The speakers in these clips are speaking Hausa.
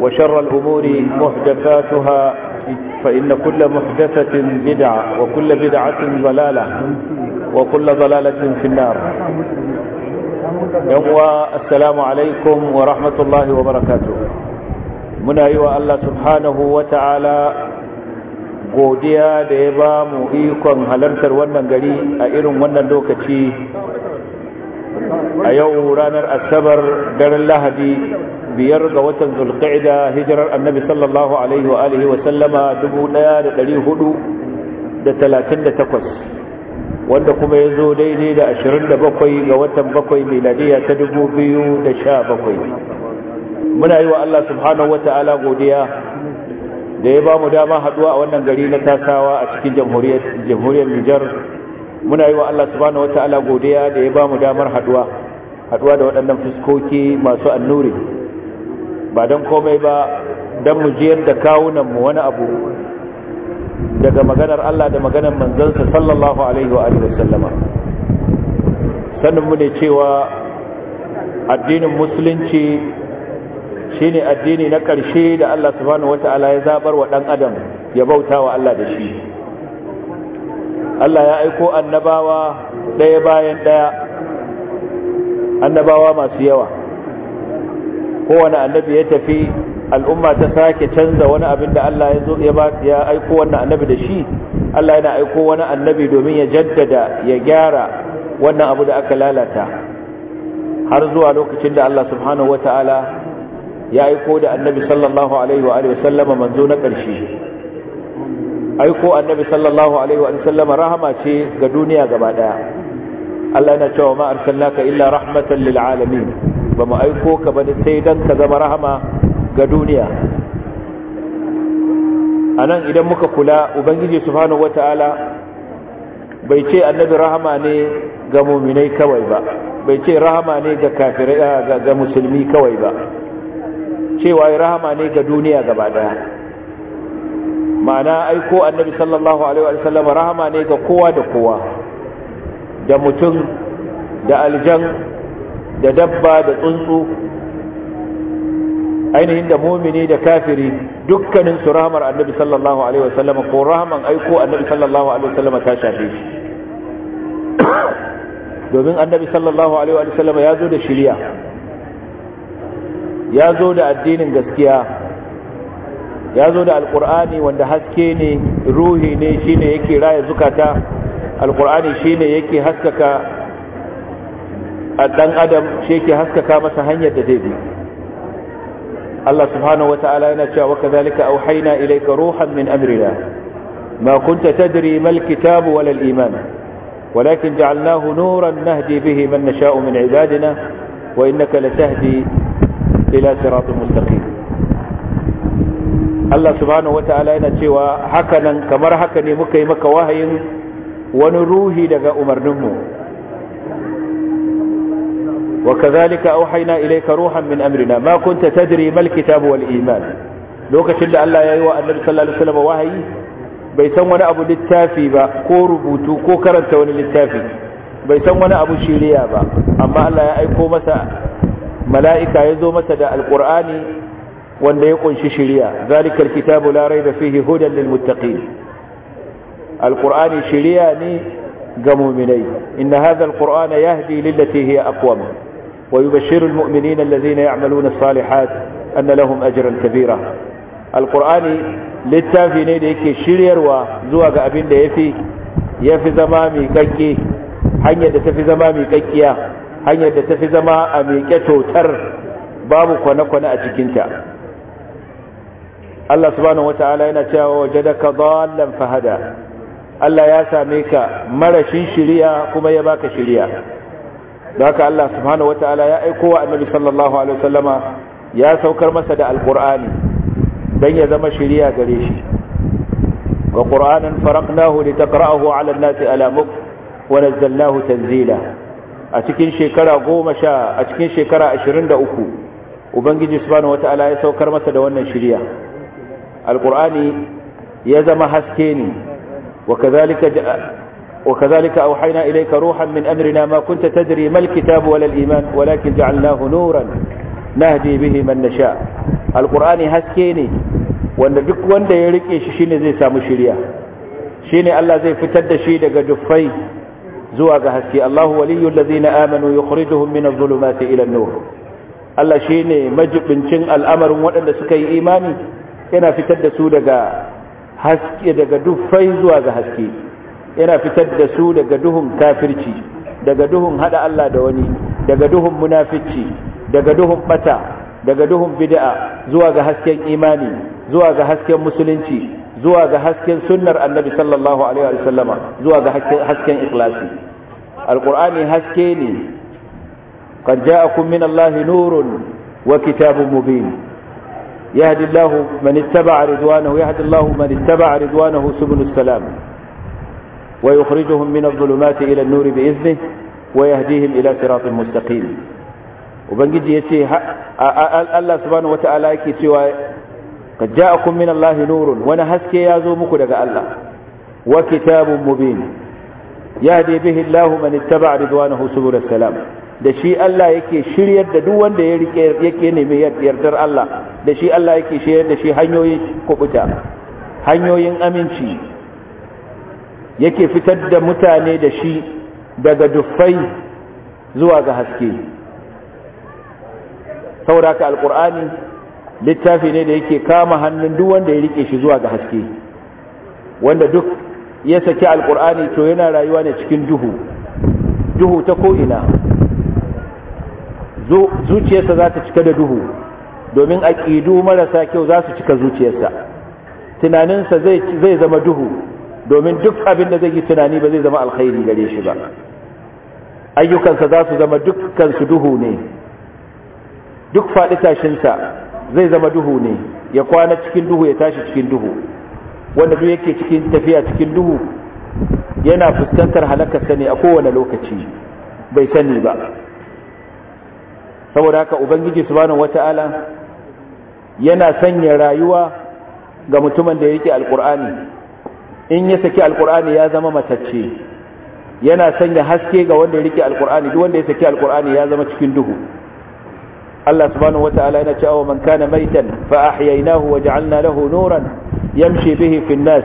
وشر الأمور محدثاتها فإن كل محدثة بدعة وكل بدعة ضلالة وكل ضلالة في النار يوم السلام عليكم ورحمة الله وبركاته من أيها الله سبحانه وتعالى godiya da ya ba mu ikon halartar wannan gari a irin wannan lokaci a yau ranar asabar daren lahadi biyar ga watan zulqa'ida hijirar annabi sallallahu alaihi wa alihi wa sallama 1438 wanda kuma ya zo daidai da 27 ga watan 7 miladiya ta 2017 muna yi wa Allah subhanahu wa ta'ala godiya da ya ba mu dama haduwa a wannan gari na tasawa a cikin jamhuriyar Nijar muna yi wa Allah subhanahu wataala godiya da ya bamu damar haduwa haduwa da waɗannan fuskoki masu annuri ba don komai ba don mu jiyar da kawunan mu wani abu daga maganar Allah da maganar manzansa sallallahu alaihi wa alihi wasallama sanin mu ne cewa addinin musulunci shine addini na ƙarshe da Allah subhanahu wataala ya zabar wa ɗan adam ya bauta wa Allah da shi Allah ya aiko annabawa ɗaya bayan ɗaya annabawa masu yawa kowane annabi ya tafi al'umma ta sake canza wani abin da Allah ya aiko wannan annabi da shi Allah yana aiko wani annabi domin ya jaddada ya gyara wannan abu da aka lalata har zuwa lokacin da Allah subhanahu wata'ala ya aiko da annabi sallallahu alaihi wa sallama manzo na ƙarshe aiko annabi sallallahu alaihi wa sallam rahama ce ga duniya gaba daya Allah yana cewa ma arsalnaka illa rahmatan lil alamin ba mu aiko ka bane sai dan ka zama rahama ga duniya anan idan muka kula ubangiji subhanahu wataala bai ce annabi rahama ne ga muminai kawai ba bai ce rahama ne ga kafirai ga musulmi kawai ba cewa rahama ne ga duniya gaba daya ma'ana aiko annabi sallallahu alaihi wa sallam rahama ne ga kowa da kowa da mutum da aljan da dabba da tsuntsu ainihin da mumini da kafiri dukkanin su rahamar annabi sallallahu alaihi wa sallam ko rahaman aiko annabi sallallahu alaihi wa sallam ta shafe shi domin annabi sallallahu alaihi wa sallam ya zo da shiriya ya zo da addinin gaskiya ya zo da alkur'ani wanda haske ne ruhi ne shine yake raya zukata alkur'ani shine yake haskaka a dan adam shi yake haskaka masa hanyar da zai bi Allah subhanahu wata'ala yana cewa wa kadhalika auhayna ilayka ruhan min amrina ma kunta tadri mal kitabu wala al iman walakin ولكن جعلناه نورا نهدي به من نشاء من عبادنا وإنك لتهدي ila صراط mustaqim Allah subhanahu wata'ala yana cewa haka nan kamar haka ne muka yi maka wahayin wani ruhi daga umarninmu wa kazalika auhayna ilayka ruhan min amrina ma kunta tadri mal kitabu wal iman lokacin da Allah ya wa annabi sallallahu alaihi wasallam wahayi bai san wani abu littafi ba ko rubutu ko karanta wani littafi bai san wani abu shiriya ba amma Allah ya aiko masa mala'ika ya zo masa da alqur'ani wanda ya kunshi shari'a zalikal kitabu la raiba fihi hudan lil muttaqin alqur'ani shari'a ne ga mu'minai inna hadha alqur'ana yahdi lillati hiya aqwam wa yubashshiru almu'minina alladhina ya'maluna as-salihat anna lahum ajran kabira alqur'ani littafi ne da yake shiryarwa zuwa ga abin da yafi yafi zama mai kakke hanyar da tafi zama mai kakkiya hanyar da tafi zama a miƙe totar babu kwane-kwane a cikinta Allah subhanahu wata'ala yana cewa wajadaka dallan fahada Allah ya same ka marashin shiriya kuma ya baka shiriya don haka Allah subhanahu wata'ala ya aiko wa annabi sallallahu alaihi wasallama ya saukar masa da al alqur'ani dan ya zama shiriya gare shi wa qur'anan faraqnahu litaqra'ahu 'ala an-nasi ala mukth wa nazzalnahu tanzila a cikin shekara 10 a cikin shekara 23 ubangiji subhanahu wata'ala ya saukar masa da wannan shiriya القرآن يزم حسكين وكذلك وكذلك أوحينا إليك روحا من أمرنا ما كنت تدري ما الكتاب ولا الإيمان ولكن جعلناه نورا نهدي به من نشاء القرآن حسكين ونجك وند إيش شين زي سامو شريا شين الله زي فتد شيد جفي زواج حسكي الله ولي الذين آمنوا يخرجهم من الظلمات إلى النور الله شين مجب من شن الأمر ونسكي إيماني yana fitar da su daga haske daga dufai zuwa ga haske yana fitar da su daga duhun kafirci daga duhun hada Allah da wani daga duhun munafici daga duhun bata daga duhun bid'a zuwa ga hasken imani zuwa ga hasken musulunci zuwa ga hasken sunnar annabi sallallahu alaihi wa zuwa ga hasken ikhlasi alqur'ani haske ne qad ja'akum min allahi nurun wa kitabun mubin يهد الله من اتبع رضوانه يهد الله من اتبع رضوانه سبل السلام ويخرجهم من الظلمات إلى النور بإذنه ويهديهم إلى صراط مستقيم وبنجي يتي الله سبحانه وتعالى يكي سوى قد جاءكم من الله نور وانا هسكي زومك لك الله وكتاب مبين يهدي به الله من اتبع رضوانه سبل السلام da shi Allah yake shiryar da duk wanda ya rike yake neme yardar Allah da shi Allah yake shiryar da shi hanyoyin kubuta hanyoyin aminci yake fitar da mutane da shi daga duffai zuwa ga haske saboda ka alkur'ani littafi ne da yake kama hannun duk wanda ya rike shi zuwa ga haske wanda duk ya saki alkur'ani to yana rayuwa ne cikin duhu duhu ta ko'ina zuciyarsa za ta cika da duhu domin aƙidu marasa kyau za su cika zuciyarsa tunaninsa zai zama duhu domin duk abin da zai yi tunani ba zai zama alkhairi gare shi ba ayyukansa za su zama dukkansu duhu ne duk faɗi tashinsa zai zama duhu ne ya kwana cikin duhu ya tashi cikin duhu wanda duk yake cikin tafiya cikin duhu yana fuskantar halakarsa ne a kowane lokaci bai sani ba saboda haka ubangiji subhanahu wata'ala yana sanya rayuwa ga mutumin da yake alkur'ani in ya saki alkur'ani ya zama matacce yana sanya haske ga wanda ya rike alkur'ani duk wanda ya saki alkur'ani ya zama cikin duhu Allah subhanahu wata'ala yana cewa man kana maitan fa ahyaynahu wa ja'alna lahu nuran yamshi bihi fi an-nas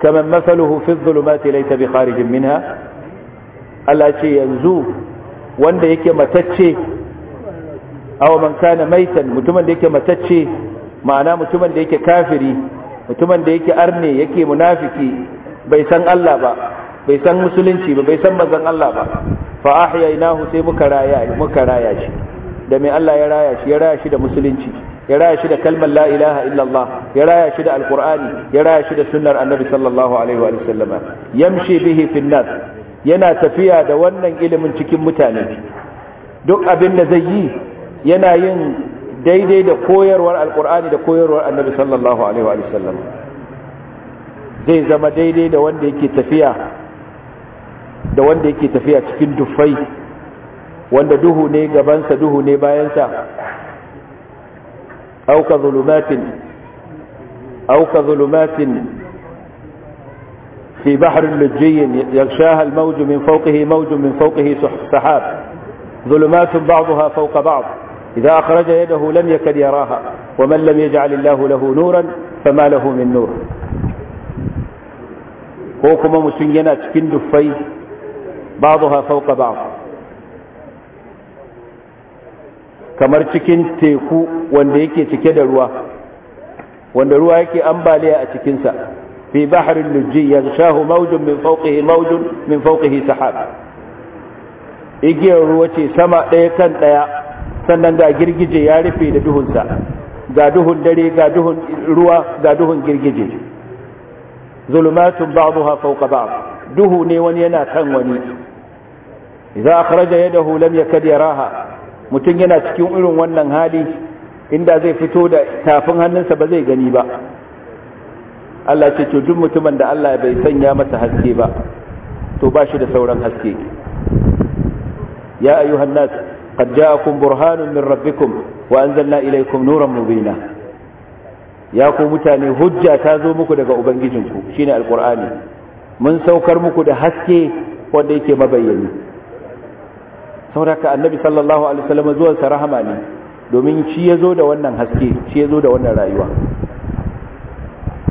kaman mathaluhu fi adh-dhulumati laysa bi kharijin minha Allah ce yanzu wanda yake matacce aw man kana maitan mutumin da yake matacce ma'ana mutumin da yake kafiri mutumin da yake arne yake munafiki bai san Allah ba bai san musulunci ba bai san manzon Allah ba fa ahyaynahu sai muka raya muka raya shi da mai Allah ya raya shi ya raya shi da musulunci ya raya shi da kalmar la ilaha illallah ya raya shi da alqur'ani ya raya shi da sunnar annabi sallallahu alaihi wa sallama yamshi bihi fin nas yana tafiya da wannan ilimin cikin mutane duk abin da zai yi yana yin daidai da koyarwar alkur'ani da koyarwar annabi sallallahu alaihi wa sallam zai zama daidai da wanda yake tafiya da wanda yake tafiya cikin dufai wanda duhu ne gabansa duhu ne bayansa auka zulumatin auka zulumatin في بحر لجي يغشاها الموج min fawqihi موج min fawqihi sahab ظلمات ba'daha fawqa ba'd إذا أخرج يده لم يكد يراها ومن لم يجعل الله له نورا فما له من نور هوكما مسينات كندفي بعضها فوق بعض كمرتكين تيكو وانديكي تكيد الوا وانديكي أنبالي أتكينسا في بحر اللجي يغشاه موج من فوقه موج من فوقه سحاب إيجي الروتي سماء إيكان sannan ga girgije ya rufe da duhunsa ga duhun dare ga duhun ruwa ga duhun girgije zulumatun ba'daha fawqa ba'd duhu ne wani yana kan wani idza akhraja yadahu lam yakad yaraha mutun yana cikin irin wannan hali inda zai fito da tafin hannunsa ba zai gani ba Allah ce to duk mutumin da Allah bai sanya masa haske ba to ba shi da sauran haske ya ayyuhan nas قد جاءكم برهان من ربكم وأنزلنا إليكم نورا مبينا يا قوم متاني حجة تازو مكو دغا أوبنجيجنكو شيني القرآن من سوكر مكو ده حسكي wanda yake mabayyani sauraka annabi sallallahu alaihi wasallam zuwan rahama ne domin shi zo da wannan haske shi zo da wannan rayuwa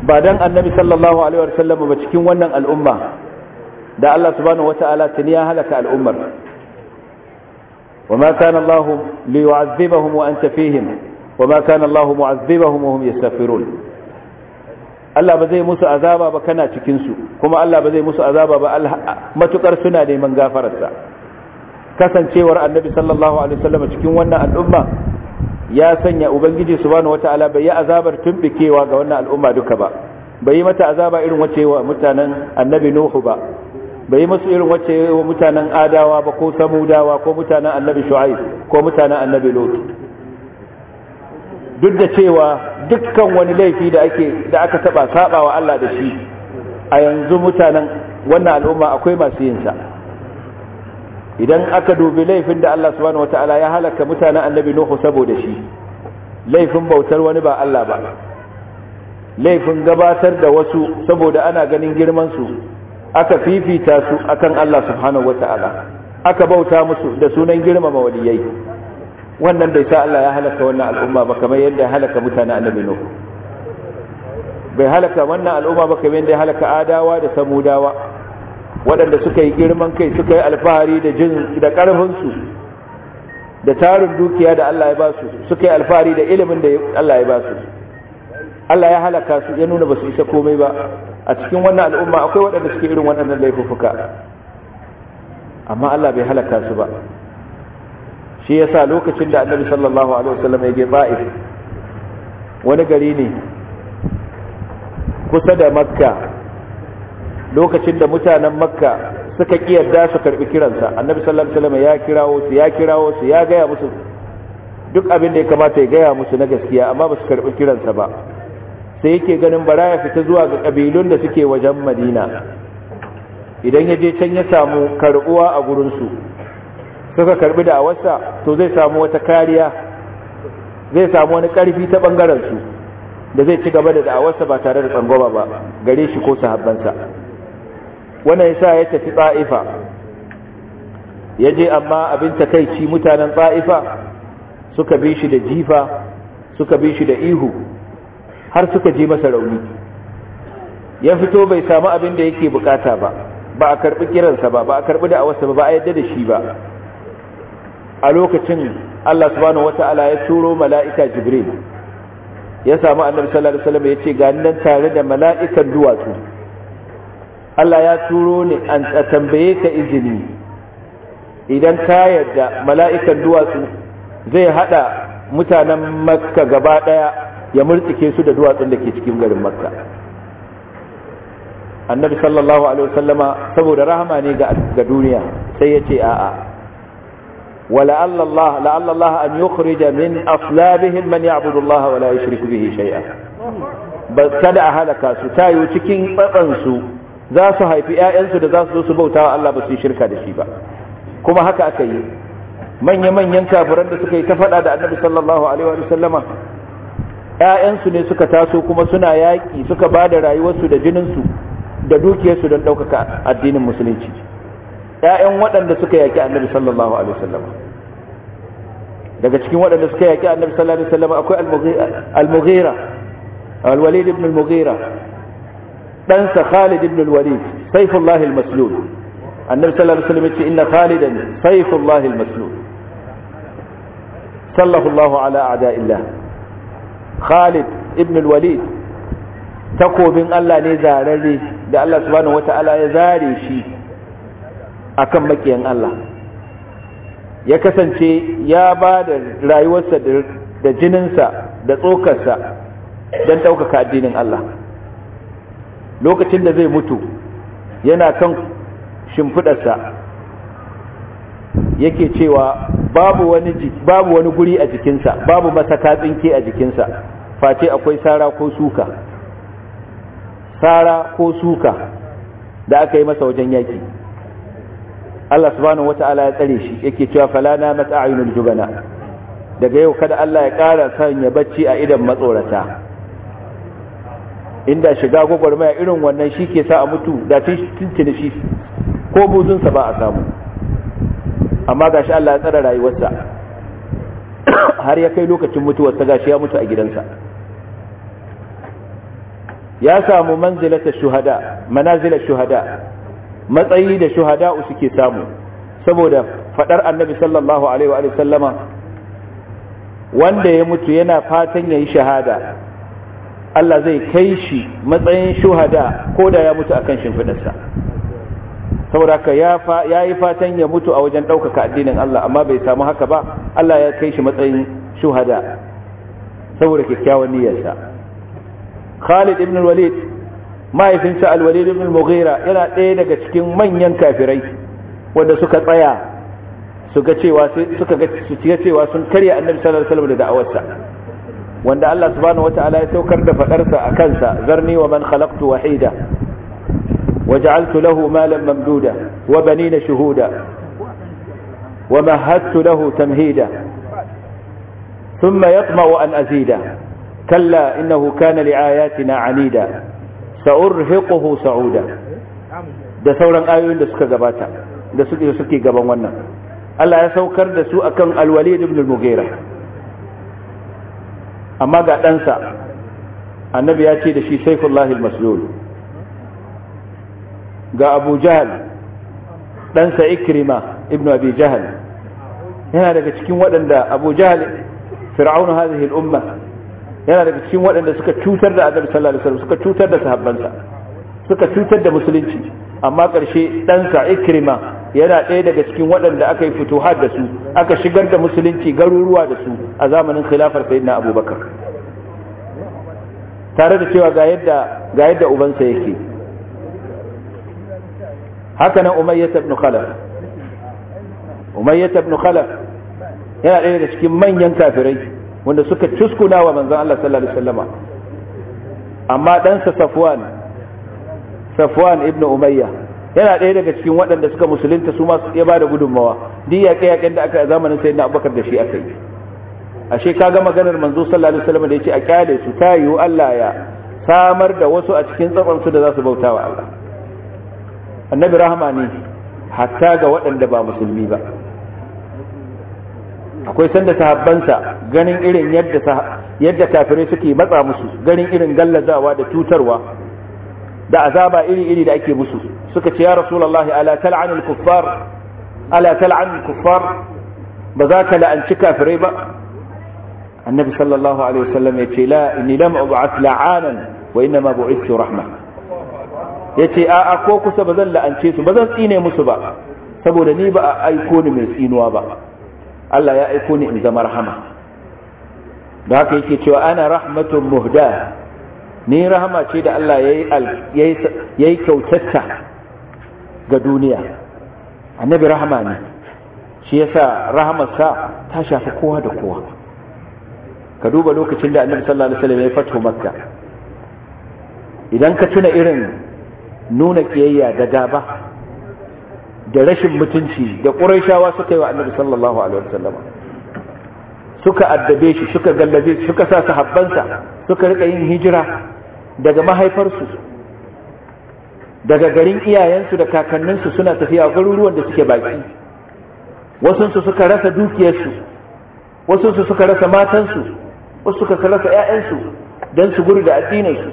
ba dan annabi sallallahu alaihi sallam ba cikin wannan al'umma da Allah subhanahu wataala tuni ya halaka al'ummar وما كان الله ليعذبهم وأنت فيهم وما كان الله معذبهم وهم يستغفرون Allah ba zai musu azaba ba kana cikinsu kuma Allah ba zai musu azaba ba matukar suna neman gafararsa kasancewar annabi sallallahu alaihi wasallam cikin wannan al'umma ya sanya ubangiji subhanahu wataala bai yi azabar tumbikewa ga wannan al'umma duka ba bai yi mata azaba irin wacewa mutanen annabi nuhu ba bai masu irin wacce ya wa mutanen adawa ba ko samudawa ko mutanen annabi shu'aib ko mutanen annabi lot duk da cewa dukkan wani laifi da ake da aka taba sabawa Allah da shi a yanzu mutanen wannan al'umma akwai masu yin sa idan aka dubi laifin da Allah subhanahu wataala ya halaka mutanen annabi nuhu saboda shi laifin bautar wani ba Allah ba laifin gabatar da wasu saboda ana ganin girman su aka fifita su akan Allah subhanahu wata'ala aka bauta musu da sunan girmama waliyai wannan bai sa Allah ya halaka wannan al'umma ba kamar yadda ya halaka mutane annabi Nuh bai halaka wannan al'umma ba kamar yadda ya halaka adawa da samudawa waɗanda suka yi girman kai suka yi alfahari da jin da ƙarfin su da tarin dukiya da Allah ya ba su suka yi alfahari da ilimin da Allah ya ba su Allah ya halaka su ya nuna ba su isa komai ba a cikin wannan al'umma akwai waɗanda suke irin waɗannan laifuka, amma Allah bai halaka su ba shi yasa lokacin da annabi sallallahu alaihi wasallam ya je Ta'if wani gari ne kusa da Makka lokacin da mutanen Makka suka kiyarda su karbi kiransa annabi sallallahu alaihi wasallam ya kirawo su ya kirawo su ya gaya musu duk abin da ya kamata ya gaya musu na gaskiya amma ba su karbi kiransa ba sai yake ganin bara ya fita zuwa ga kabilun da suke wajen madina idan ya je can ya samu karbuwa a gurinsu suka karbi da awarsa to zai samu wata kariya zai samu wani karfi ta ɓangarensu, da zai ci gaba da da'awarsa ba tare da tsangoba ba gare shi ko sahabbansa wannan yasa ya tafi tsa'ifa ya je amma abin takaici mutanen tsa'ifa suka bi shi da jifa suka bi shi da ihu har suka je masa rauni ya fito bai samu abin da yake bukata ba ba a karbi kiransa ba ba a karbi da'awarsa ba ba a yadda da shi ba a lokacin Allah subhanahu wata'ala ya turo mala'ika Jibril ya samu annabi sallallahu alaihi wasallam ya ce ga nan tare da mala'ikan duwatsu Allah ya turo ni an tambaye ka izini idan ka yarda mala'ikan duwatsu zai hada mutanen Makka gaba daya ya murtsike su da duwatsun da ke cikin garin makka annabi sallallahu alaihi wasallama saboda rahama ne ga duniya sai ya ce a'a wala Allah la Allah an yukhrija min aslabihim man ya'budu Allah wa la yushriku bihi shay'a ba kada a halaka su tayo cikin tsatsan za su haifi ƴaƴansu da za su zo su bautawa Allah ba su yi shirka da shi ba kuma haka aka yi manya-manyan kafiran da suka yi ta faɗa da annabi sallallahu alaihi wasallama ƴaƴansu ne suka taso kuma suna yaƙi suka ba da rayuwarsu da jininsu da dukiyarsu don ɗaukaka addinin musulunci ƴaƴan waɗanda suka yaƙi annabi sallallahu alaihi wasallam daga cikin waɗanda suka yaƙi annabi sallallahu alaihi wasallam akwai al-mughira al-walid ibn al-mughira dan Khalid ibn al-walid sayfullah al-maslul annabi sallallahu alaihi wasallam ya ce inna khalidan sayfullah al-maslul sallallahu ala a'da'illah Khalid ibn al-Walid takobin Allah ne zararre da Allah subhanahu wata'ala ya zare shi akan makiyan Allah ya kasance ya ba da rayuwarsa da jininsa da tsokarsa don ɗaukaka addinin Allah lokacin da zai mutu yana kan shimfidarsa yake cewa babu wani babu wani guri a jikinsa babu masaka tsinke a jikinsa face akwai sara ko suka sara ko suka da aka yi masa wajen yaki Allah subhanahu wata'ala ya tsare shi yake cewa falana na mata'ayinul jubana daga yau kada Allah ya ƙara sanya bacci a idan matsorata inda shiga gwagwarmaya irin wannan shi ke sa a mutu da tun shi ko buzunsa ba a samu amma gashi Allah ya tsara rayuwarsa har ya kai lokacin mutuwar mutuwarsa gashi ya mutu a gidansa ya samu manzilata shuhada manazila shuhada matsayi da shuhada suke samu saboda fadar annabi sallallahu alaihi wa sallama wanda ya mutu yana fatan yayi shahada Allah zai kai shi matsayin shuhada ko da ya mutu akan shimfidarsa saboda haka ya yi fatan ya mutu a wajen ɗaukaka addinin Allah amma bai samu haka ba Allah ya kai shi matsayin shuhada saboda kyakkyawan niyyarsa Khalid ibn Walid mahaifinsa Al-Walid ibn Mughira yana ɗaya daga cikin manyan kafirai wanda suka tsaya suka cewa suka ga su cewa sun karya Annabi sallallahu alaihi wasallam da da'awarsa wanda Allah subhanahu wataala ya saukar da fadarsa a kansa zarni wa man khalaqtu wahida وجعلت له مالا ممدودا وبنين شهودا ومهدت له تمهيدا ثم يطمع أن أزيدا كلا إنه كان لآياتنا عنيدا سأرهقه سعودا da sauran ayoyin da suka gabata da suke suke gaban wannan Allah ya saukar da su akan Al-Walid ibn Mughira amma ga ɗansa annabi ya ce da shi Saifullah al-Maslul ga abu jahal ɗansa ikrima ibn abi jahal yana daga cikin waɗanda abu jahal fir'aunu hadhihi al-umma yana daga cikin waɗanda suka cutar da annabi sallallahu alaihi wasallam suka cutar da sahabbansa suka cutar da musulunci amma ƙarshe ɗansa ikrima yana ɗaya daga cikin waɗanda aka yi fituhat da su aka shigar da musulunci garuruwa da su a zamanin khilafar sayyidina abubakar tare da cewa ga yadda ga yadda ubansa yake haka nan umayyata ibn khalaf umayyata ibn khalaf yana ɗaya daga cikin manyan kafirai wanda suka cuskuna wa manzon Allah sallallahu alaihi wasallama amma ɗansa safwan safwan ibn umayya yana ɗaya daga cikin waɗanda suka musulunta su masu ya bada gudunmawa duk yaƙe-yaƙen da aka a zamanin na abubakar da shi aka yi ashe kaga maganar manzo sallallahu alaihi wasallam da yace a kyale su ta yiwu Allah ya samar da wasu a cikin tsafan su da za su bautawa Allah annabi rahama ne hatta ga waɗanda ba musulmi ba akwai sanda sahabbansa ganin irin yadda yadda kafirai suke matsa musu ganin irin gallazawa da tutarwa da azaba iri-iri da ake musu suka ce ya rasulullahi ala tal'an al-kuffar ala tal'an al-kuffar ba za ka la'anci kafirai ba annabi sallallahu alaihi wasallam ya ce la inni lam ub'ath la'anan wa inna ma bu'ithu rahmah ya ce a'a ko kusa ba zan la'ance su ba zan tsine musu ba saboda ni ba a aiko ni mai tsinuwa ba Allah ya aiko ni in zama rahama da haka yake cewa ana rahmatun muhda ni rahama ce da Allah ya yi kyautatta ga duniya annabi rahama ne shi yasa rahamarsa ta shafi kowa da kowa ka duba lokacin da annabi sallallahu alaihi wasallam ya fato makka idan ka tuna irin nuna kiyayya da gaba da rashin mutunci da ƙuraishawa suka yi wa annabi sallallahu alaihi wasallam suka addabe shi suka gallabe suka sa sahabbansa suka rika yin hijira daga mahaifarsu daga garin iyayensu da kakanninsu suna tafiya garuruwan da suke baki wasunsu suka rasa dukiyarsu wasunsu suka rasa matansu wasu suka rasa 'ya'yansu don su guri da addininsu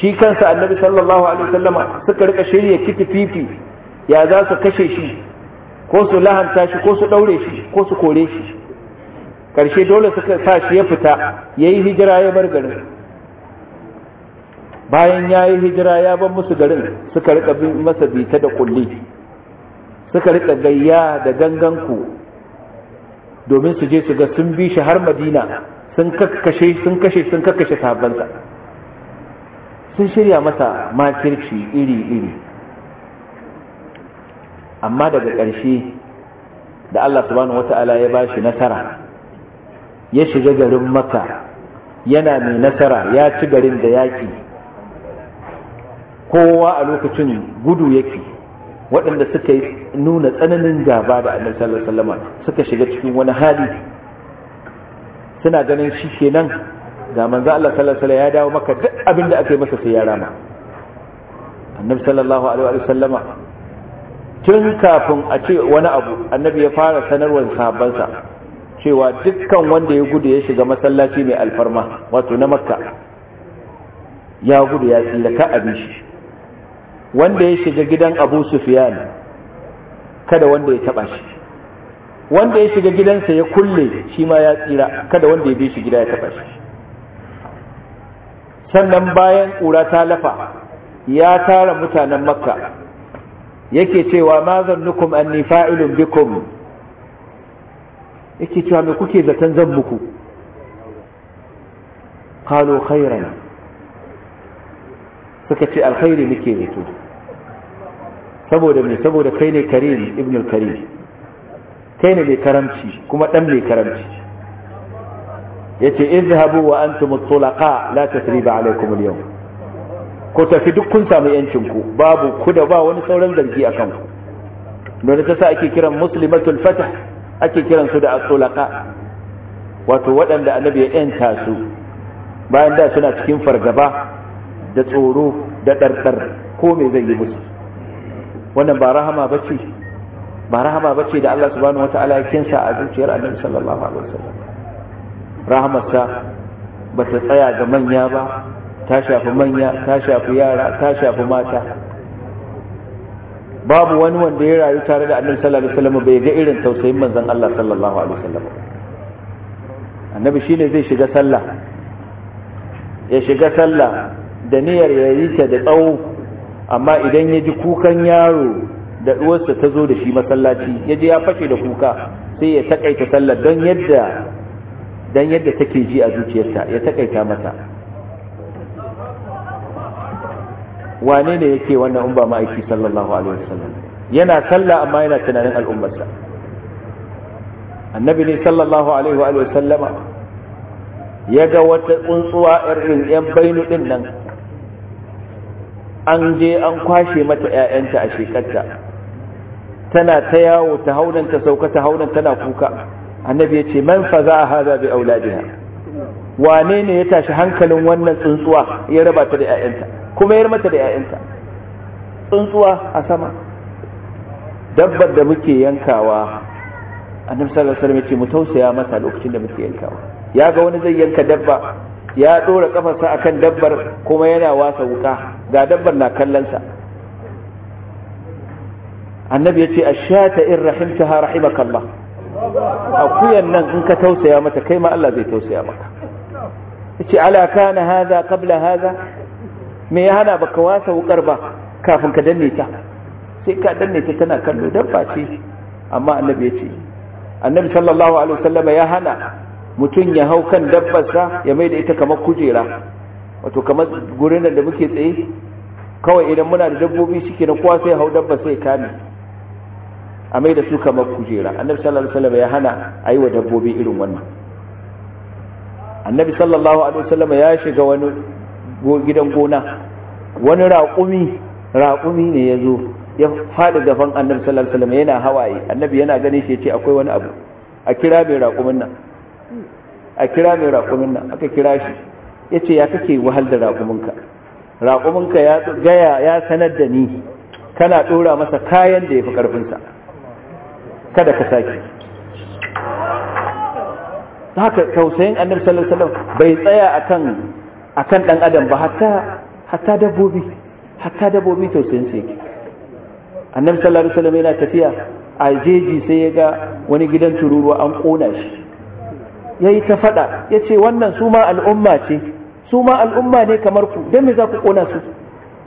shi kansa annabi sallallahu alaihi wasallam suka rika shirya kitififi ya za su kashe shi ko su lahanta shi ko su daure shi ko su kore shi karshe dole suka sa shi ya fita yayi hijira ya bar garin bayan yayi hijira ya bar musu garin suka rika bin masa bita da kulli suka rika gayya da ganganku domin su je su ga sun bi shi har madina sun kakkashe sun kashe sun kakkashe sahabbansa sun shirya masa makirci iri-iri amma daga ƙarshe da Allah subhanahu wata'ala ya ba shi nasara ya shiga garin maka yana mai nasara ya ci garin da yaƙi kowa a lokacin gudu yake waɗanda suka nuna tsananin gaba da annabi sallallahu alaihi suka shiga cikin wani hali suna ganin shi kenan ga manzo Allah sallallahu alaihi ya dawo maka duk abin da aka masa sai ya rama annabi sallallahu alaihi wa sallama tun kafin a ce wani abu annabi ya fara sanarwar sahabbansa cewa dukkan wanda ya gudu ya shiga masallaci mai alfarma wato na makka ya gudu ya tsira abin shi wanda ya shiga gidan abu sufiyan kada wanda ya taba shi wanda ya shiga gidansa ya kulle shi ma ya tsira kada wanda ya bi shi gida ya taba shi sannan bayan ƙura ta lafa ya tara mutanen makka yake cewa ma zannukum anni fa'ilun bikum yake cewa mai kuke zaton zan muku Kano khairan suka ce alkhairi muke zato saboda me saboda kai ne karim ibn al-karim kai ne mai karamci kuma dan mai karamci yace izhabu wa antum tulaqa la tasriba alaikum al ko tafi duk kun samu yancin ku babu ku da ba wani sauran zargi akan ku don ta sa ake kiran muslimatul fatah ake kiran su da atulaqa wato waɗanda annabi ya yanta su bayan da suna cikin fargaba da tsoro da ɗarɗar ko me zai yi musu wannan ba rahama bace ba rahama bace da Allah subhanahu wataala ya kinsa a zuciyar annabi sallallahu alaihi wasallam rahamarsa ba ta tsaya ga manya ba ta shafi manya ta shafi yara ta shafi mata babu wani wanda ya rayu tare da annabi sallallahu alaihi wasallam bai ga irin tausayin manzon Allah sallallahu alaihi wasallam annabi shine zai shiga sallah ya shiga sallah da niyyar ya yi ta da tsawo amma idan ya ji kukan yaro da uwarsa ta zo da shi masallaci ya je ya fashe da kuka sai ya takaita sallah don yadda dan yadda take ji a zuciyarta ya takaita mata wane ne yake wannan umba ma'aiki sallallahu alaihi wasallam yana sallah amma yana tunanin al'ummarsa annabi ne sallallahu alaihi wa ya ga wata tsuntsuwa irin yan bainu din nan an je an kwashe mata 'ya'yanta a shekarta tana ta yawo ta haunanta sauka ta haunan tana kuka annabi ya ce man faza a haza bi auladiha wane ne ya tashi hankalin wannan tsuntsuwa ya raba ta da 'ya'yanta kuma ya mata da 'ya'yanta tsuntsuwa a sama dabbar da muke yankawa annabi sallallahu alaihi wasallam ya ce mu tausaya masa lokacin da muke yankawa ya ga wani zai yanka dabba ya dora kafarsa akan dabbar kuma yana wasa wuka ga dabbar na kallonsa annabi ya ce ashata in rahimtaha rahimakallah akuyan nan in ka tausaya mata kai ma Allah zai tausaya maka yace ala kana hadha qabla hadha me ya hana baka wasa wukar ba kafin ka danne ta sai ka danne ta tana kallo dabba ce amma annabi yace annabi sallallahu alaihi wasallam ya hana mutum ya hau kan dabbarsa ya mai da ita kamar kujera wato kamar gurin da muke tsaye kawai idan muna da dabbobi shike na kowa sai hau dabba sai kame a mai da su kamar kujera annabi sallallahu alaihi wasallam ya hana a yi wa dabbobi irin wannan annabi sallallahu alaihi wasallam ya shiga wani gidan gona wani raƙumi raƙumi ne ya zo ya faɗi gaban annabi sallallahu alaihi wasallam yana hawaye annabi yana ganin shi ya ce akwai wani abu a kira mai raƙumin nan a kira mai raƙumin nan aka kira shi ya ce ya kake wahal da raƙuminka raƙuminka ya gaya ya sanar da ni kana ɗora masa kayan da ya fi ƙarfinsa kada ka sake haka tausayin annabi sallallahu alaihi wasallam bai tsaya akan akan dan adam ba hatta hatta dabbobi hatta dabbobi tausayin sai annabi sallallahu alaihi wasallam yana tafiya a jeji sai ya ga wani gidan tururuwa an kona shi yayi ta fada yace wannan su ma al'umma ce su ma al'umma ne kamar ku dan me za ku kona su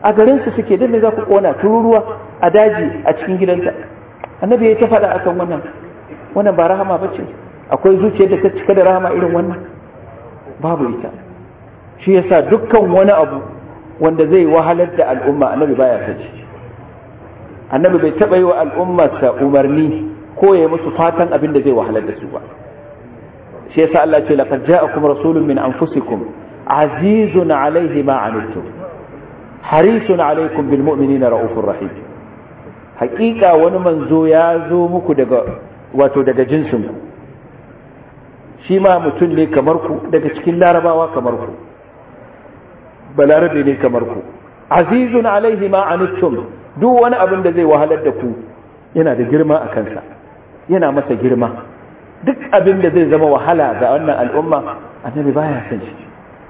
a garin su suke dan me za ku kona tururuwa a daji a cikin gidanta annabi ya ta faɗa akan wannan wannan ba rahama ba ce akwai zuciyar da ta cika da rahama irin wannan babu ita shi sa dukkan wani abu wanda zai wahalar da al'umma annabi baya ta ci annabi bai taɓa yi wa sa umarni ko ya musu fatan abin da zai wahalar da su ba shi Allah ce laqad ja'akum rasulun min anfusikum azizun alayhi ma anittum harisun alaykum bil mu'minina raufur rahim haƙiƙa wani manzo ya zo muku daga wato daga jinsin ku shi ma mutum ne kamar ku daga cikin larabawa kamar ku balarabe ne kamar ku azizun alaihi ma anittum duk wani abin da zai wahalar da ku yana da girma a kansa yana masa girma duk abin da zai zama wahala ga wannan al'umma annabi baya son shi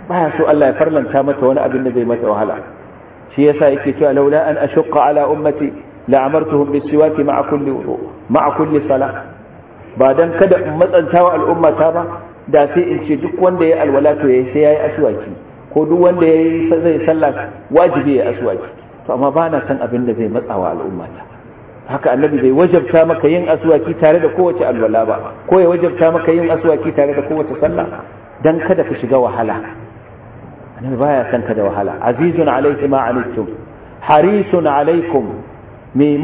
baya so Allah ya farlanta mata wani abin da zai mata wahala shi yasa yake cewa laula an ashqa ala ummati La'amar amartuhum bisiwaki ma'a kulli ma'a kulli salah ba dan kada in matsantawa al'umma ta ba da sai in ce duk wanda ya alwala to yayi sai yayi aswaki ko duk wanda yayi zai sallah wajibi ya aswaki to amma ba na abin da zai matsawa al'umma haka annabi bai wajabta maka yin aswaki tare da kowace alwala ba ko ya wajabta maka yin aswaki tare da kowace sallah dan kada ka shiga wahala annabi baya san ka da wahala azizun alayhi ma anittum harisun alaykum mai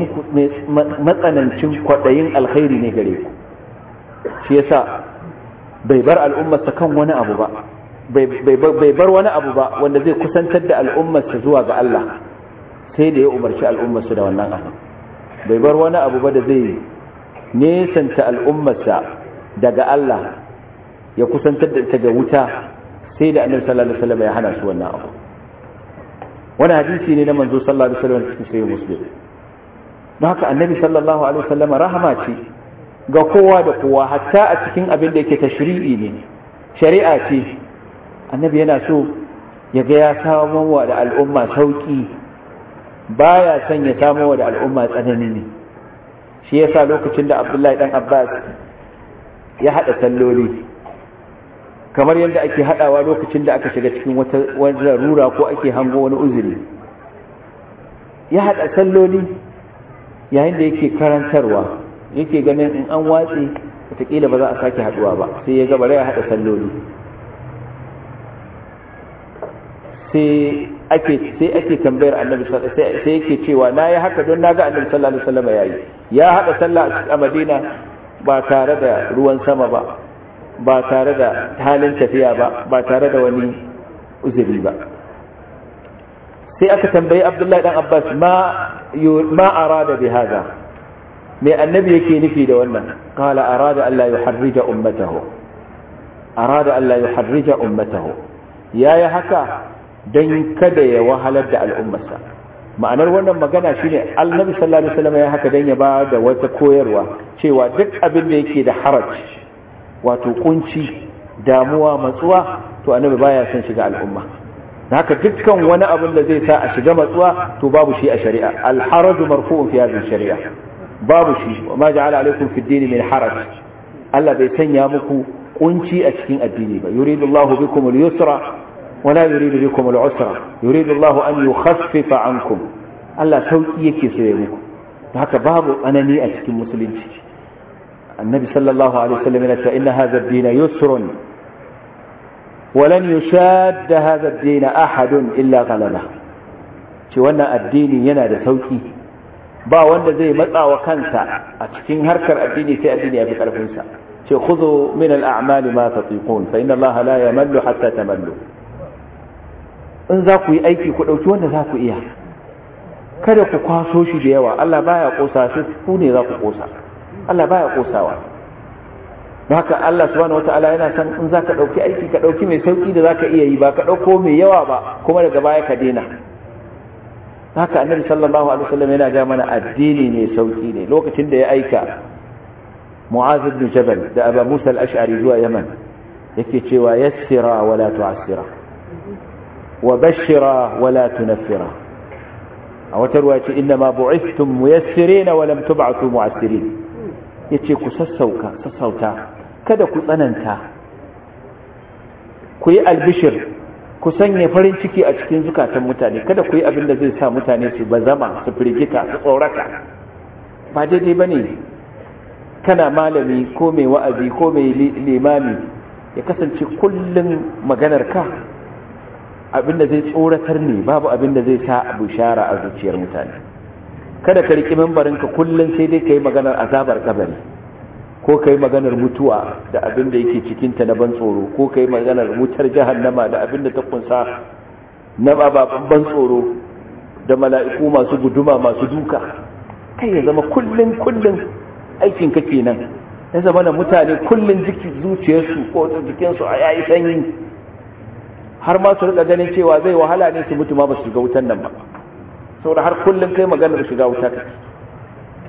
matsanancin kwaɗayin alkhairi ne gare ku shi yasa bai bar al'ummarsa kan wani abu ba bai bar wani abu ba wanda zai kusantar da al'ummarsa zuwa ga Allah sai da ya umarci al'ummarsa da wannan abu bai bar wani abu ba da zai nesanta al'ummarsa daga Allah ya kusantar da ta ga wuta sai da annabi sallallahu alaihi wasallam ya hana su wannan abu wani hadisi ne na manzo sallallahu alaihi wasallam cikin sahih muslim don haka annabi sallallahu alaihi wasallam rahama ce ga kowa da kowa hatta a cikin abin da yake tashri'i ne shari'a ce annabi yana so ya ga ya wa da al'umma ba ya son ya wa da al'umma tsanani ne shi sa lokacin da abdullahi dan abbas ya haɗa talloli? kamar yadda ake haɗawa lokacin da aka shiga cikin wata rura ko ake hango wani uzuri ya haɗa salloli yayin da yake karantarwa yake ganin in an watse wataƙila ba za a sake haduwa ba sai ya gabara ya haɗa salloli sai ake tambayar annabi sai yake cewa na yi haka don na ga annabi sallallahu alaihi wasallam ya yi ya haɗa sallah a madina ba tare da ruwan sama ba ba tare da halin tafiya ba ba tare da wani uzuri ba sai aka tambayi abdullahi dan abbas ma arada bi hada mai annabi yake nufi da wannan kala arada allah ya ummatahu arada allah ya ummatahu yayi haka dan kada ya wahalar da al'ummarsa ma'anar wannan magana shine annabi sallallahu alaihi wasallam ya haka dan ya ba da wata koyarwa cewa duk abin da yake da haraj wato kunci damuwa matsuwa to annabi baya son shiga al'umma haka dukkan wani abin da zai sa a shiga matsuwa to babu shi a shari'a al-haraju marfu'un fi hadhihi shari'a babu shi ma ja'ala alaikum fi min haraj Allah bai sanya muku kunci a cikin addini ba yuridu Allahu bikum al-yusra wa la yuridu bikum al-usra yuridu Allahu an yukhaffifa ankum Allah sauki yake so ya muku haka babu tsanani a cikin musulunci annabi sallallahu alaihi wasallam yana cewa inna hadha ad-din yusrun walan yushadda hadha ad-din ahadun illa ghalaba ce wannan addini yana da sauki ba wanda zai matsawa kansa a cikin harkar addini sai addini ya fi karfin sa ce khudhu min al-a'mal ma tatiqun fa inna Allah la yamallu tamallu in zaku yi aiki ku dauki wanda za iya kada ku kwaso shi da yawa Allah baya kosa shi ku ne za ku kosa Allah baya kosawa haka Allah subhanahu wataala yana san in zaka dauki aiki ka dauki mai sauki da zaka iya yi ba ka dauko mai yawa ba kuma daga baya ka daina haka annabi sallallahu alaihi wasallam yana ga mana addini ne sauki ne lokacin da ya aika Mu'az ibn Jabal da Abu Musa al-Ash'ari zuwa Yaman yake cewa yassira wala tu'assira wa bashira wala tunaffira a wata ruwa ce inna ma bu'ithtum muyassirina wa lam tub'athu mu'assirin yace ku sassauka sassauta kada ku tsananta ku yi albishir ku sanya farin ciki a cikin zukatan mutane kada ku yi abin da zai sa mutane su ba zama su firgita su tsorata ba daidai ba ne kana malami ko mai wa'azi ko mai limami ya kasance kullum maganar ka abin da zai tsoratar ne babu abin da zai sa abu shara a zuciyar mutane kada ka riƙi mambarinka kullum sai dai ka yi maganar azabar kabari ko ka yi maganar mutuwa da abin da yake cikinta na ban tsoro ko ka yi maganar wutar jahannama da abin da ta kunsa na ban tsoro da mala'iku masu guduma masu duka kai ya zama kullum kullum aikin ka kenan ya zama na mutane kullum zuciyarsu ko jikinsu a yayi sanyi har ma su rika ganin cewa zai wahala ne su mutu ma ba su shiga wutan nan ba saboda har kullum kai maganar shiga wuta kake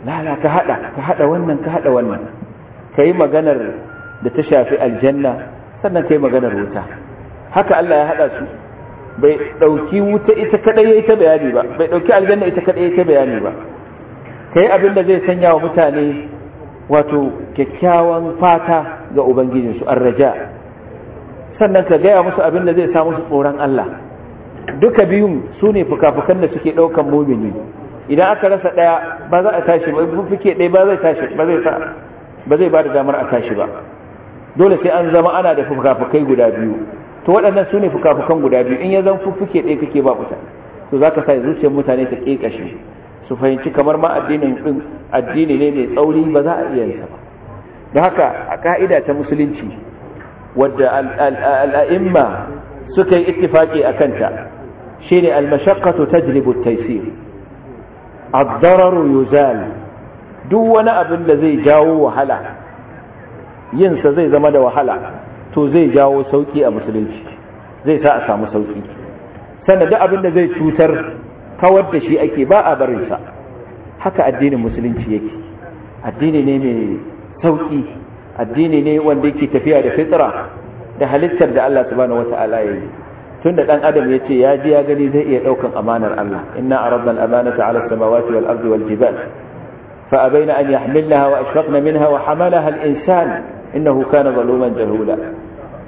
lala ka hada ka hada wannan ka hada wannan kai maganar da ta shafi aljanna sannan kai maganar wuta haka Allah ya hada su bai dauki wuta ita kadai yayi ta bayani ba bai dauki aljanna ita kadai yayi ta bayani ba kai abin da zai sanya wa mutane wato kyakkyawan fata ga ubangijinsu arraja sannan ka gaya musu abin da zai sa musu tsoron Allah duka biyun su ne fuka-fukan da suke ɗaukan mumini idan aka rasa ɗaya ba za a tashi ba fike ɗaya ba zai tashi ba zai ba zai ba da damar a tashi ba dole sai an zama ana da fukafukai guda biyu to waɗannan su ne fukafukan guda biyu in ya zan fuffuke ɗaya kake ba kusa? to za ka sa zuciyar mutane ta ƙeƙashe su fahimci kamar ma addinin addini ne mai tsauri ba za a iya yi ba da haka a ka'ida ta musulunci wadda al'a'imma suka yi ittifaƙi a kanta shine al-mashaqqatu tajlibu taisir. taysir ad duk wani abin da zai jawo wahala yinsa zai zama da wahala to zai jawo sauki a musulunci zai sa a samu sauki sannan duk abin da zai cutar kawar da shi ake ba a barinsa haka addinin musulunci yake addini ne mai sauki addini ne wanda yake tafiya da fitra da halittar da Allah subhanahu wata'ala ya tun da ɗan adam ya ce ya ji ya gani zai iya daukan amanar Allah inna a rabban amanata ala samawati wal ardi wal jibal فأبين أن يحملنها وأشفقن منها وحملها الإنسان إنه كان ظلوما جهولا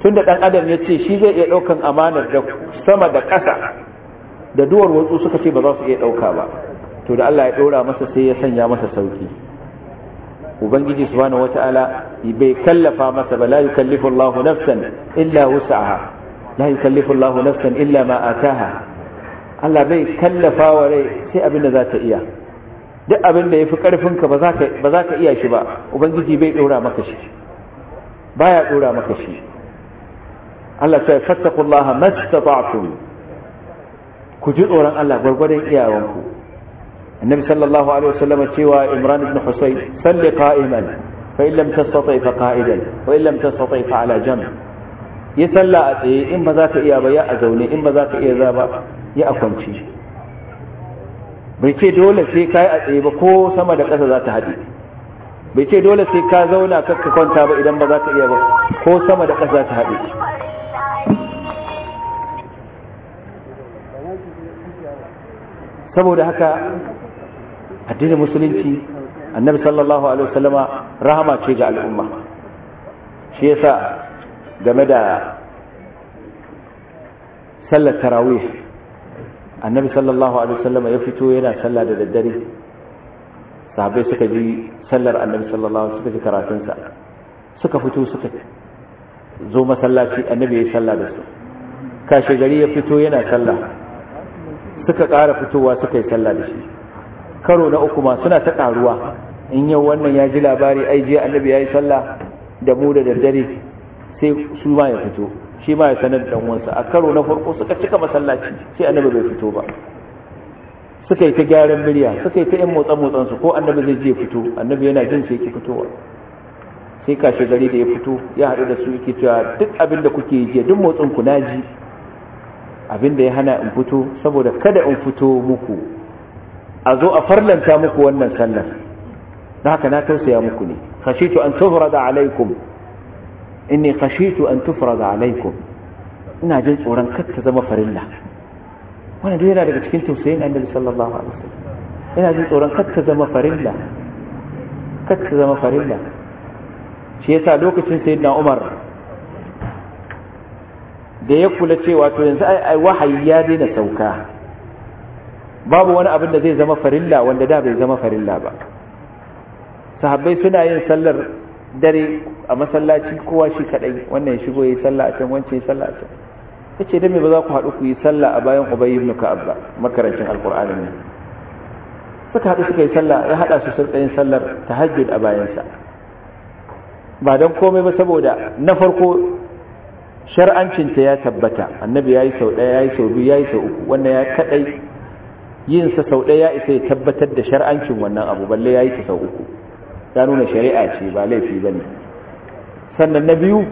tunda dan adam ya ce shi zai iya daukan amanar da sama da ƙasa da duwar wasu suka ce ba za su iya ɗauka ba to da Allah ya dora masa sai ya sanya masa sauki ubangiji subhanahu wataala bai kallafa masa ba la yukallifu Allahu nafsan illa wus'aha la yukallifu Allahu nafsan illa Allah bai kallafa wa rai sai abin da za ta iya duk abin da ya fi ƙarfinka ba za ka iya shi ba ubangiji bai ɗora maka shi ba ya ɗora maka shi Allah sai fattakullah mastata'tum ku ji tsoron Allah gwargwadon iyawanku annabi sallallahu alaihi wasallam cewa imran ibn husayn salli qa'iman fa in lam tastati fa qa'idan wa in tastati fa ala jamb ya salla a tsaye in ba za ka iya ba ya a zaune in ba za ka iya za ba ya a kwance bai ce dole sai kai a tsaye ba ko sama da ƙasa za ta haɗe bai ce dole sai ka zauna kakka kwanta ba idan ba za ka iya ba ko sama da ƙasa za ta haɗe saboda haka addinin musulunci annabi sallallahu alaihi wasallama rahama ce ga al'umma shi yasa game da sallar tarawih annabi sallallahu alaihi wasallam ya fito yana sallah da daddare sahabbai suka ji sallar annabi sallallahu alaihi suka ji sa. suka fito suka zo masallaci annabi ya yi sallah da su kashe gari ya fito yana sallah suka ƙara fitowa suka yi sallah da shi karo na uku ma suna ta ƙaruwa in yau wannan ya ji labari ai jiya annabi ya yi sallah da mu da daddare sai su ma ya fito shi ma ya sanar da wansa a karo na farko suka cika masallaci sai annabi bai fito ba suka yi ta gyaran murya suka yi ta yan motsa motsan su ko annabi zai je fito annabi yana jin sai ki fitowa sai kashe gari da ya fito ya haɗu da su yake cewa duk abin da kuke yi jiya duk motsin ku naji abin da ya hana in fito saboda kada in fito muku a zo a farlanta muku wannan sallar da haka na tausaya muku ne to an da alaikum inni khashitu an tufrada alaikum ina jin tsoron kar ta zama farilla wannan duk yana daga cikin tausayin annabi sallallahu alaihi wasallam ina jin tsoron kar ta zama farilla kar ta zama farilla shi yasa lokacin sayyidina Umar da ya kula cewa to yanzu ai wahayi ya daina sauka babu wani abin da zai zama farilla wanda da bai zama farilla ba sahabbai suna yin sallar dare a masallaci kowa shi kadai wannan ya shigo yayi sallah a can wancan yayi sallah a can yace dan me ba za ku haɗu ku yi sallah a bayan Ubay ibn Ka'ab ba makarancin alqur'ani ne suka haɗu suka yi sallah ya haɗa su sun tsayin sallar tahajjud a bayan sa ba dan komai ba saboda na farko shar'ancin ta ya tabbata annabi yayi sau daya yayi sau biyu yayi sau uku wannan ya kadai yin sa sau daya ya isa ya tabbatar da shar'ancin wannan abu balle yayi yi sau uku ta nuna shari'a ce ba laifi ba ne sannan na biyu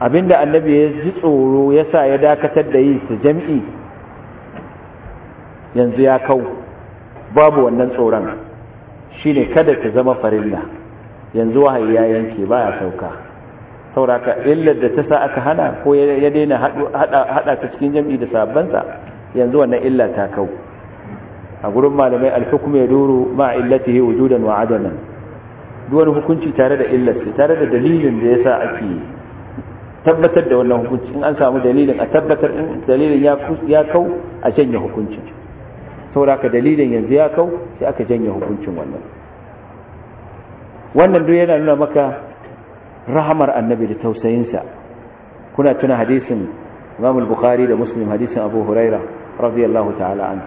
abinda annabi ya ji tsoro ya sa ya dakatar da yi su jam'i yanzu ya kau babu wannan tsoron shi ne kada ta zama farilla yanzu wahayi ya yanke ba ya sauka sauraka illar da ta sa aka hana ko ya daina hada ta cikin jam'i da sabansa yanzu wannan illa ta kau a gurin malamai alhukum ya duru ma illatihi wujudan wa adaman wani hukunci tare da illarsa tare da dalilin da ya sa ake tabbatar da wannan hukunci in an samu dalilin a tabbatar in dalilin ya kau a janye hukuncin sauraka dalilin yanzu ya kau sai aka janye hukuncin wannan wannan duk yana nuna maka rahamar annabi da tausayinsa kuna tuna hadisin imam al-bukhari da muslim hadisin abu huraira radiyallahu ta'ala an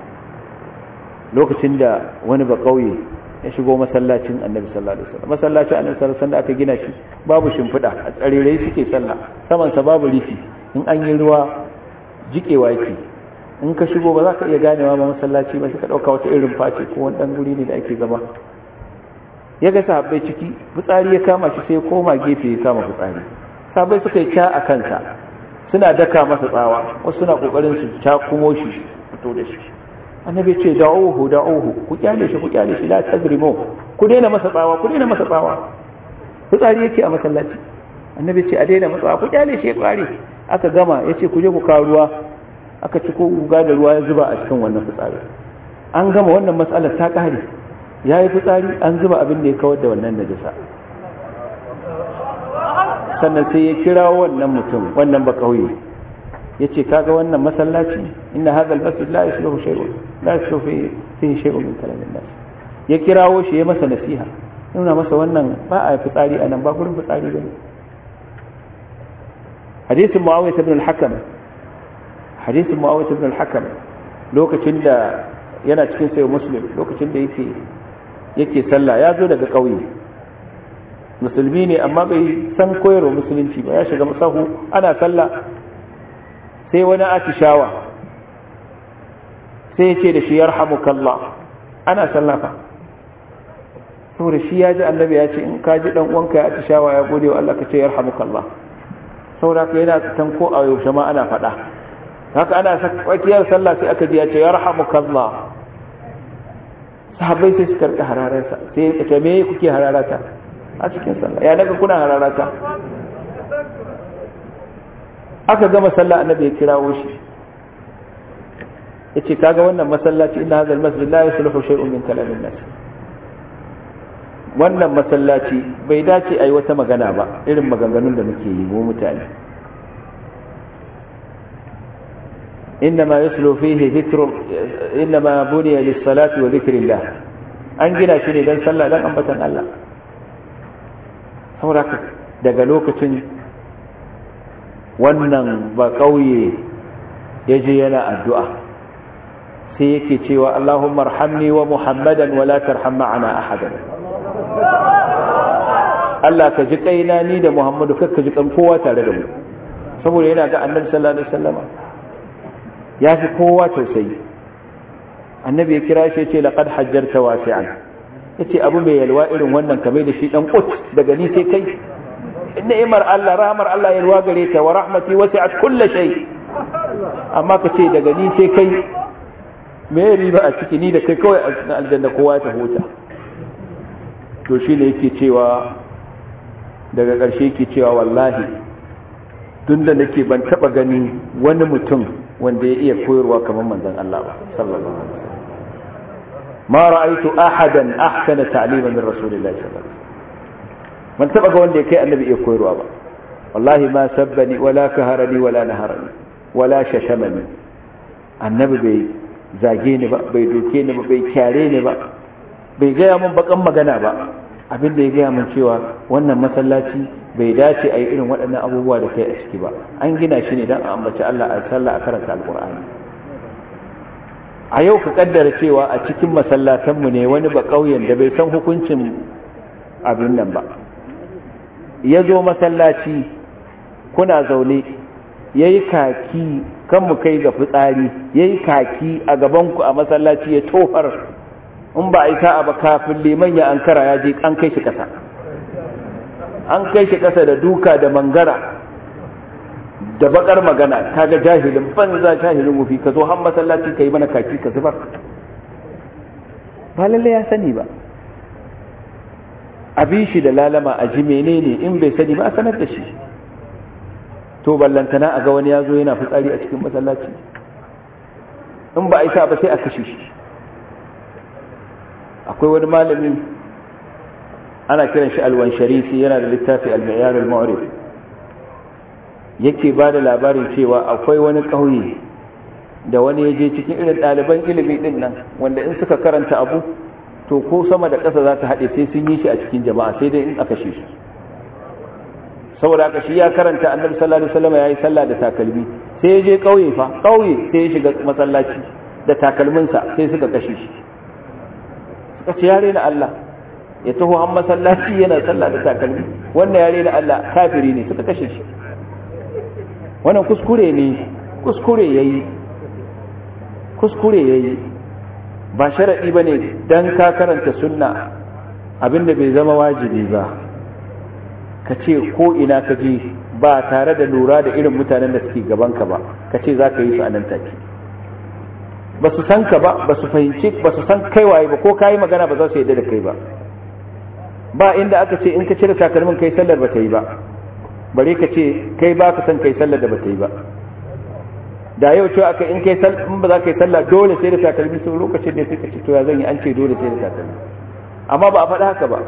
lokacin da wani ba kauye ya shigo masallacin annabi sallallahu alaihi wasallam masallacin annabi sallallahu alaihi wasallam da aka gina shi babu shimfiɗa a tsarerai suke sallah saman sa babu rifi in an yi ruwa jikewa yake in ka shigo ba za ka iya ganewa ba masallaci ba sai ka dauka wata irin face ko wani dan guri ne da ake zama ya ga sahabbai ciki fitsari ya kama shi sai koma gefe ya kama fitsari sahabbai suka yi ca a kansa suna daka masa tsawa wasu suna kokarin su ta kumo shi fito da shi annabi ce da da da'uhu ku kyale shi ku kyale shi la tazrimu ku daina masa tsawa ku daina masa tsawa fitsari yake a masallaci annabi ce a daina masa ku kyale shi ya kware aka gama yace ku je ku kawo ruwa aka ci ko guga da ruwa ya zuba a cikin wannan fitsari an gama wannan matsalar ta kare ya yi fitsari an zuba abin da ya kawar da wannan najasa sannan sai ya kira wannan mutum wannan ba yace kaga wannan masallaci inna hadha al-masjid la yusluhu shay'un la yusluhu fihi shay'un min kalam an-nas ya kirawo shi ya masa nasiha nuna masa wannan ba a fitsari anan ba gurin fitsari bane hadisin muawiya ibn al-hakam hadisin muawiya ibn al-hakam lokacin da yana cikin sayo muslim lokacin da yake yake sallah ya zo daga ƙauye musulmi ne amma bai san koyarwa musulunci ba ya shiga masahu ana sallah sai wani atishawa sai ya ce da shi ya yarhamukallah ana sallafa saboda shi ya ji annabi ya ce in ka ji dan uwanka ya atishawa ya gode wa Allah ka ce ya yarhamukallah saboda ka yana tan ko a yaushe ma ana faɗa haka ana tsakiyar sallah sai aka ji ya ce ya yarhamukallah sahabbai sai su karɓi harararsa sai ya ce me kuke hararata a cikin sallah ya naga kuna hararata aka gama sallah annabi ya kirawo shi yace kaga wannan masallaci inna hadha almasjid la yusluhu shay'un min kalamin nas wannan masallaci bai dace ayi wata magana ba irin maganganun da muke yi mu mutane إنما يسلو فيه ذكر إنما بني للصلاة وذكر الله an gina shi ne don sallah don ambatan Allah saboda daga lokacin wannan ba kauye ya je yana addu'a sai yake cewa Allahumma arhamni wa Muhammadan wa la tarham ma'ana ahadan Allah ka ji kaina ni da Muhammadu kakka ji kan kowa tare da mu saboda yana ga Annabi sallallahu alaihi wasallama ya fi kowa tausayi annabi ya kira shi ya ce laqad hajjarta wasi'an ce abu mai yalwa irin wannan kamar da shi ɗan kut daga ni sai kai ni'imar Allah rahmar Allah ya ruwa gare ta wa rahmati wasi'at kulli shay amma ka ce daga ni sai kai me riba a ciki ni da kai kawai na aljanna kowa ta huta to shi ne yake cewa daga ƙarshe yake cewa wallahi tun da nake ban taɓa gani wani mutum wanda ya iya koyarwa kamar manzon Allah ba sallallahu alaihi wasallam ma ra'aytu ahadan ahsana ta'liman min rasulillahi sallallahu alaihi wasallam ban taba ga wanda ya kai annabi ya koyarwa ba wallahi ma sabbani wala kaharani wala naharani wala shashamani annabi bai zage ni ba bai doke ni ba bai kyare ni ba bai gaya min bakan magana ba abin da ya gaya min cewa wannan masallaci bai dace a yi irin waɗannan abubuwa da kai a ciki ba an gina shi ne don a ambaci Allah a sallah a karanta alƙur'ani a yau ka kaddara cewa a cikin masallatanmu ne wani ba ƙauyen da bai san hukuncin abin nan ba ya zo masallaci kuna zaune ya yi kaki kan mu kai ga fitsari ya yi kaki a gabanku a masallaci ya tofar in ba a yi sa'a ba kafin liman ya kara ya je an kai shi ƙasa an kai shi ƙasa da duka da mangara da bakar magana kaga jahilin ban za jahilin wufi ka zo har masallaci ka yi mana kaki ka zubar ba lalle ya sani ba abin shi da lalama a ji menene in bai sani ba a sanar da shi to ballantana a ga wani ya zo yana fitsari a cikin masallaci in ba a isa ba sai a kashe shi akwai wani malami ana kiran shi alwan sharifi yana da littafi al-ma'yar al yake ba da labarin cewa akwai wani ƙauye da wani ya je cikin irin ɗaliban ilimi ɗin nan wanda in suka karanta abu to ko sama da ƙasa za ta haɗe sai sun yi shi a cikin jama'a sai dai in aka shi shi saboda aka shi ya karanta annabi sallallahu alaihi wasallam yayi sallah da takalmi sai ya je ƙauye fa ƙauye sai ya shiga masallaci da takalminsa sai suka kashe shi suka ce yare na Allah ya taho an masallaci yana sallah da takalmi wannan yare na Allah kafiri ne suka kashe shi wannan kuskure ne kuskure yayi kuskure yayi ba sharaɗi ba ne don ka karanta sunna abinda bai zama wajibi ba ka ce ko ina ka ji ba tare da lura da irin mutanen da suke gabanka ba ka ce za ka yi su a nan take ba su san ka ba ba su fahimci ba su san kaiwaye ba ko ka yi magana ba za su yadda da kai ba ba inda aka ce in ka cire takalmin kai sallar ba ta yi ba bare ka ce kai ba ka san kai sallar da ba ta yi ba da yau cewa aka in kai in ba za ka yi sallah dole sai da takalmi sun lokacin da sai ce to ya zan yi an ce dole sai da takalmi amma ba a faɗa haka ba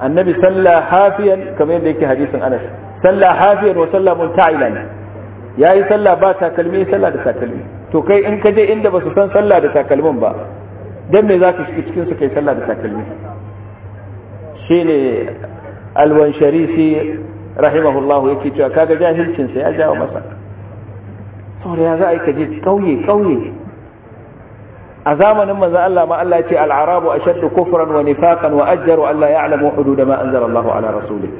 annabi sallah hafiyan kamar yadda yake hadisin anas sallah hafiyan wa sallah munta'ilan yayi sallah ba takalmi sallah da takalmi to kai in ka je inda ba su san sallah da takalmin ba dan me za ka shiga cikin su kai sallah da takalmi shine alwan sharisi rahimahullahu yake cewa kaga jahilcin sai ya jawo masa saboda za a yi kaje ƙauye ƙauye a zamanin manzan Allah ma Allah ce al'arabu a shaddu kufran wa nifaqan wa ajjaru Allah ya alamu hudu da ma anzar Allah ala rasulih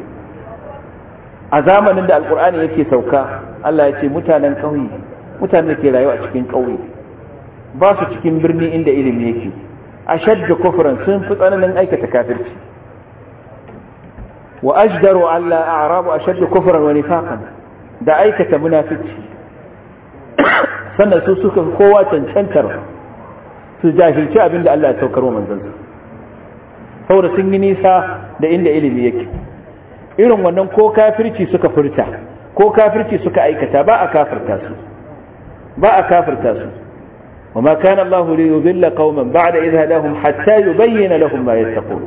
a zamanin da alqur'ani yake sauka Allah ya ce mutanen ƙauye mutanen ke rayuwa a cikin ƙauye ba su cikin birni inda ilimi yake a shaddu kufran sun fi tsananin aikata kafirci wa ajdaru Allah a'rabu ashaddu kufran wa nifaqan da aikata munafici sannan su suka kowa cancantar su jahilci abin da Allah ya saukar wa manzansa saboda sun yi nisa da inda ilimi yake irin wannan ko kafirci suka furta ko kafirci suka aikata ba a kafirta su ba a kafirta su وما كان الله ليضل قوما بعد إذ هداهم حتى يبين لهم ما يتقون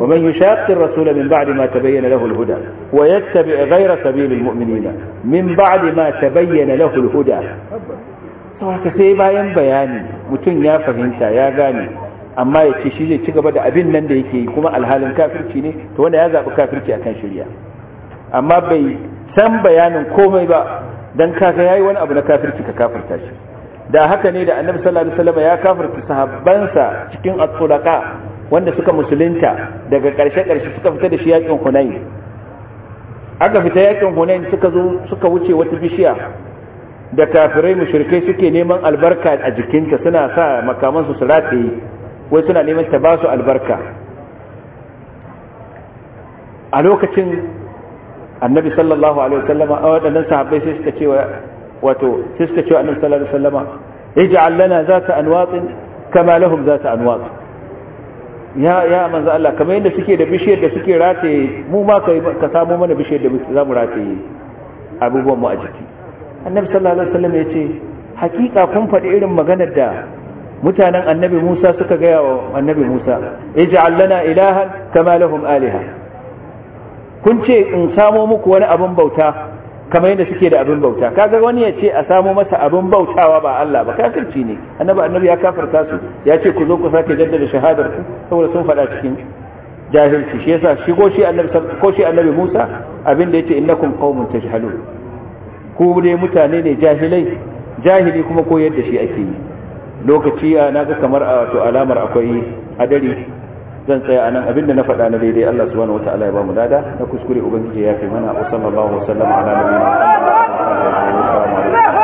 ومن يشاق الرسول من بعد ما تبين له الهدى ويتبع غير سبيل المؤمنين من بعد ما تبين له الهدى haka sai bayan bayani mutum ya fahimta ya gane amma ya ce shi zai ci gaba da abin nan da yake yi kuma alhalin kafirci ne to wanda ya zaɓi kafirci akan shirya amma bai san bayanin komai ba don kaka ya yi wani abu na kafirci ka kafirta shi da haka ne da annabi sallallahu alaihi wasallam ya kafirta sahabbansa cikin at wanda suka musulunta daga ƙarshe-ƙarshe suka fita da shi yakin hunayi aka fita yakin hunayi suka zo suka wuce wata bishiya da kafirai mushrikai suke neman albarka a jikinta suna sa makamansu su rataye wai suna neman ta ba su albarka a lokacin annabi sallallahu alaihi wasallama a waɗannan sahabbai sai suka cewa wato sai suka cewa annabi sallallahu alaihi wasallama ij'al lana zata anwatin kama lahum zata anwatin ya ya manzo Allah kamar yadda suke da bishiyar da suke rataye mu ma kai ka samu mana bishiyar da za mu rataye abubuwan mu a jiki annabi sallallahu alaihi wasallam ya ce hakika kun faɗi irin maganar da mutanen annabi Musa suka gaya wa annabi Musa ij'al lana ilahan kama lahum aliha kun ce in samo muku wani abin bauta kamar yadda suke da abin bauta kaga wani ya ce a samu masa abin bautawa ba Allah ba kafirci ne annabi annabi ya kafirta su ya ce ku zo ku sake jaddada shahadar ku saboda sun faɗa cikin jahilci shi yasa shigo shi annabi ko shi annabi Musa abin da yace innakum qaumun tajhalun ku ne mutane ne jahilai jahili kuma ko yadda shi ake yi lokaci na ga kamar a wato alamar akwai hadari zan tsaya anan abinda na faɗa na daidai Allah subhanahu wataala ya ba mu dada na kuskure ubangiji ya fi mana wa sallallahu wa sallam ala nabiyina Muhammad wa alihi